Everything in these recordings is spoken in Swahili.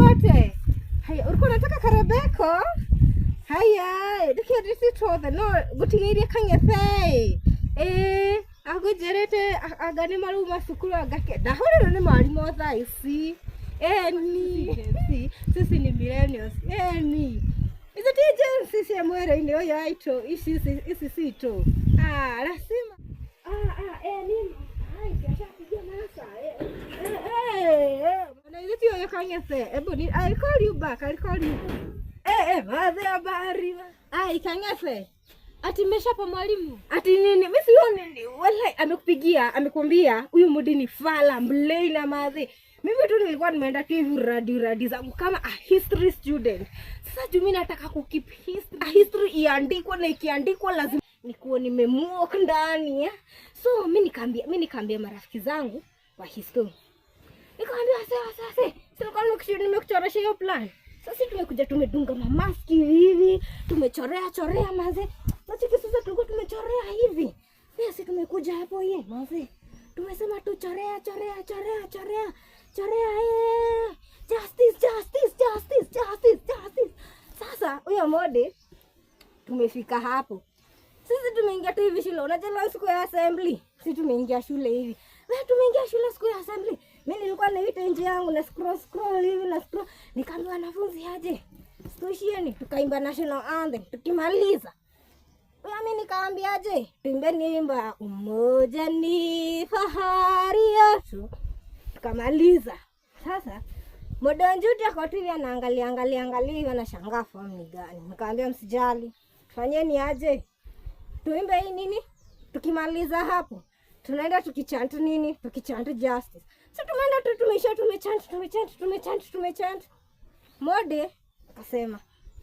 watu Haya, ulikuwa unataka karabeko? Haya, diki risi tuothe no gutigeirie kang'ethei. Eh, agujerete agane maru macukuru angake. Ndahurirwo ni mwarimũ thaa ici. Eni, sisi ni millennials. Eni. Hizo ti jensi cia mwere-inĩ ũyũ aitũ, ici ici citũ. Ah, lazima. Ah, ah, eni. Ikang'ete, hebu ni I'll call you back. I'll call you. Eh, eh, madhe habari. Ah, Ikang'ete. Ati mmeshapa mwalimu? Ati nini? Mimi sio nini. Wallahi amekupigia, amekwambia huyu mudi ni fala mlei na madhe. Mimi tu nilikuwa nimeenda Kivu radi radi zangu kama a history student. Sasa juu mimi nataka kukip history. A history iandikwe na ikiandikwa lazima nikuwa nimemuok ndani eh. So mimi nikaambia, mimi nikaambia marafiki zangu wa history. Nikaambia sasa sasa kuchora hiyo plan. Sasa tumekuja tumedunga mamaski hivi, tumechorea chorea manze. Nachiki sasa tulikuwa tumechorea hivi. Pia sisi tumekuja hapo yeye manze. Tumesema tu chorea chorea chorea chorea. Chorea eh. Justice justice justice justice justice. Sasa huyo mode tumefika hapo. Sisi tumeingia tu hivi shule. Unajua siku ya assembly. Sisi tumeingia shule hivi. Wewe tumeingia shule siku ya assembly. Mimi nilikuwa naita nje yangu na scroll scroll hivi na scroll, nikaambia wanafunzi aje, stoshieni, tukaimba national anthem. Tukimaliza mimi nikaambia aje, tuimbe nimba umoja ni fahari yetu. Tukamaliza sasa Modonjuti ako tu hivi anaangalia angalia angalia hivi anashangaa fomu ni gani. Nikamwambia msijali. Fanyeni aje. Tuimbe hii nini? Tukimaliza hapo tunaenda tukichantu nini? Tukichantu justice. Sasa tumeenda tu tumeisha tumechant tumechant tumechant tumechant. Mode akasema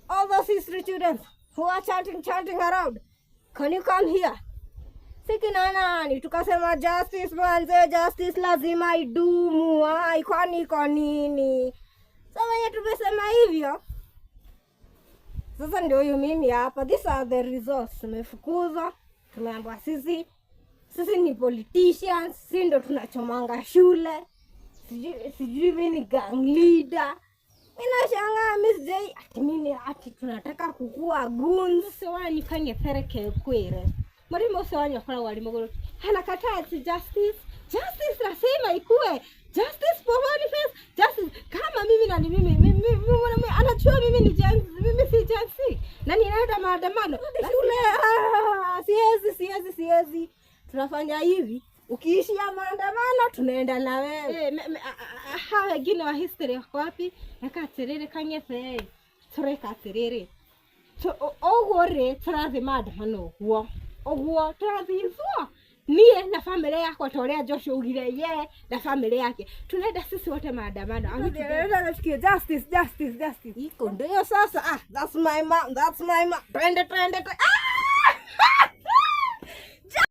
all those history students who are chanting chanting around can you come here? Siki Sikinanani tukasema justice manze, justice lazima idumu, Ai, kwani iko nini? So wenye tumesema hivyo sasa, ndio huyu mimi hapa, these are the results. Tumefukuzwa, tumeambiwa sisi sisi ni politicians, sisi ndo tunachomanga shule, sijui mi ni gang leader. Minashangaa misijai ati mini ati tunataka kukua guns wanifanye pereke kwire marimo sewanyakora walimogoro hanakataa ati justice justice nasema ikue justice for Boniface justice kama mimi na ni mimi mimi anajua mimi ni Gen mimi si Gen Z na ninaenda maandamano shule ah, siezi siezi siezi tunafanya hivi ukiishia maandamano tunaenda na wewe. Eh, hawa wengine wa history wako wapi? Eka tiriri kanyete tureka tiriri oguo ri turathi maandamano oguo oguo turathithwo nie na family yakwa ta uria Joshua ugire ye na family yake tunaenda sisi wote maandamano justice justice justice iko ndio sasa ah that's my mom that's my mom twende twende ah